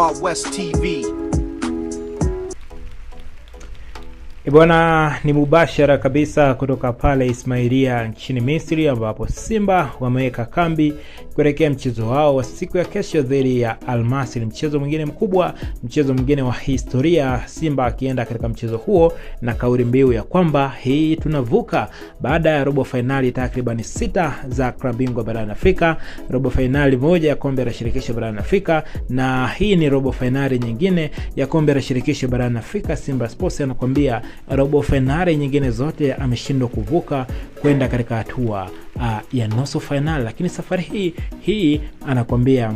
Wild West TV. E bwana ni mubashara kabisa kutoka pale Ismailia nchini Misri ambapo Simba wameweka kambi kuelekea mchezo wao wa siku ya kesho dhidi ya Al Masry, mchezo mwingine mkubwa, mchezo mwingine wa historia, Simba akienda katika mchezo huo na kauli mbiu ya kwamba hii tunavuka, baada ya robo fainali takriban sita za klabu bingwa barani Afrika, robo fainali moja ya kombe la shirikisho barani Afrika, na hii ni robo fainali nyingine ya kombe la shirikisho barani Afrika. Simba Sports anakuambia robo fainali nyingine zote ameshindwa kuvuka kwenda katika hatua uh, ya nusu fainali, lakini safari hii hii anakwambia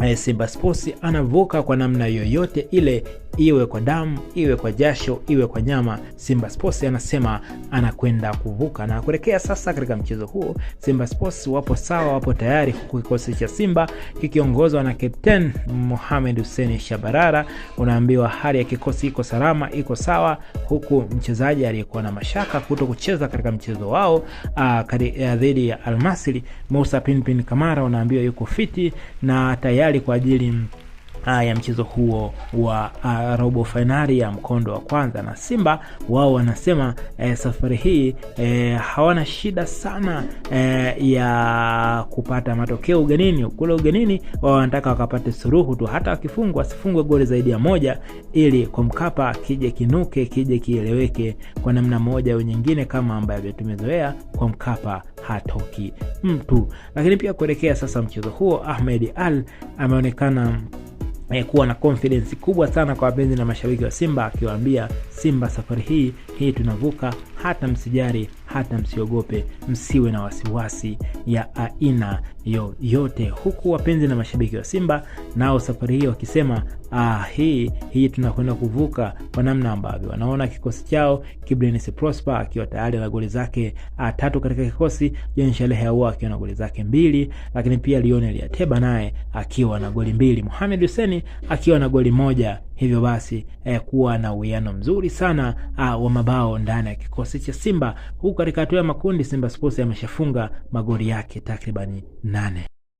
eh, Simba Sports anavuka kwa namna yoyote ile iwe kwa damu, iwe kwa jasho, iwe kwa nyama, Simba Sports anasema anakwenda kuvuka. Na kuelekea sasa katika mchezo huo, Simba Sports wapo sawa, wapo tayari, huku kikosi cha Simba kikiongozwa na captain Mohamed Hussein Shabarara. Unaambiwa hali ya kikosi iko salama, iko sawa, huku mchezaji aliyekuwa na mashaka kuto kucheza katika mchezo wao ah, eh, dhidi ya Almasri, Musa Pinpin Kamara, unaambiwa yuko fiti na tayari kwa ajili ya mchezo huo wa uh, robo fainali ya mkondo wa kwanza, na Simba wao wanasema eh, safari hii eh, hawana shida sana eh, ya kupata matokeo ugenini. Kule ugenini wao wanataka wakapate suruhu tu, hata wakifungwa wasifungwe goli zaidi ya moja, ili kwa Mkapa kije kinuke, kije kieleweke kwa namna moja au nyingine, kama ambavyo tumezoea kwa Mkapa hatoki mtu. Lakini pia kuelekea sasa mchezo huo, Ahmed Al ameonekana eh, kuwa na confidence kubwa sana kwa wapenzi na mashabiki wa Simba akiwaambia Simba safari hii hii tunavuka, hata msijari, hata msiogope, msiwe na wasiwasi ya aina yoyote, huku wapenzi na mashabiki wa Simba nao safari hii wakisema ah, hii hii tunakwenda kuvuka kwa namna ambavyo wanaona kikosi chao. Kiblense Prosper akiwa tayari na goli zake ah, tatu katika kikosi, Jean akiwa na goli zake mbili, lakini pia Lionel yateba naye akiwa na goli mbili, Mohamed Hussein akiwa na goli moja. Hivyo basi eh, kuwa na uwiano mzuri sana ah, wa mabao ndani ya kikosi cha Simba, huku katika hatua ya makundi Simba Sports ameshafunga magoli yake takribani nane.